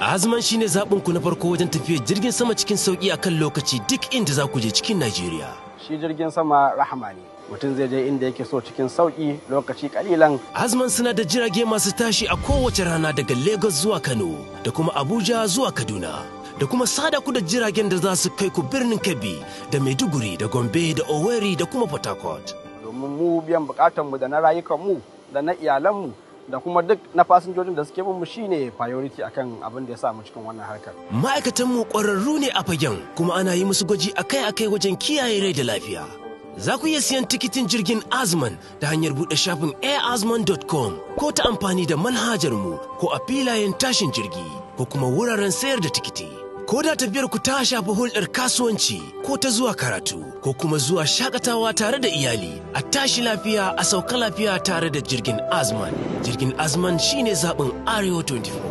Azuman shine zaɓin ku na farko wajen tafiyar jirgin sama cikin sauƙi akan lokaci duk inda za ku je cikin Najeriya. Shi jirgin sama rahama ne. Mutum zai je inda yake so cikin sauki lokaci kalilan. Azman suna da jirage masu tashi a kowace rana daga Lagos zuwa Kano da kuma Abuja zuwa Kaduna. Da kuma sada ku da jiragen da za su kai ku birnin Kebbi da Maiduguri da Gombe da Owerri da kuma Port Harcourt. Domin mu biyan mu da na rayukan mu da na iyalan mu da kuma duk na fasinjojin da suke mu shine priority akan abin da ya sa mu cikin wannan harkar. Ma'aikatan mu ƙwararru ne a fagen kuma ana yi musu gwaji akai-akai wajen kiyaye rai da lafiya. Za ku iya siyan tikitin jirgin Azman da hanyar buɗe shafin airazman.com ko ta amfani da manhajar mu ko a filayen tashin jirgi ko kuma wuraren sayar da tikiti. Ko da tafiyar ku ta shafi hulɗar kasuwanci ko ta zuwa karatu ko kuma zuwa shakatawa tare da iyali a tashi lafiya a sauka lafiya tare da jirgin Azman. Jirgin Azman shine zaɓin Arewa 24.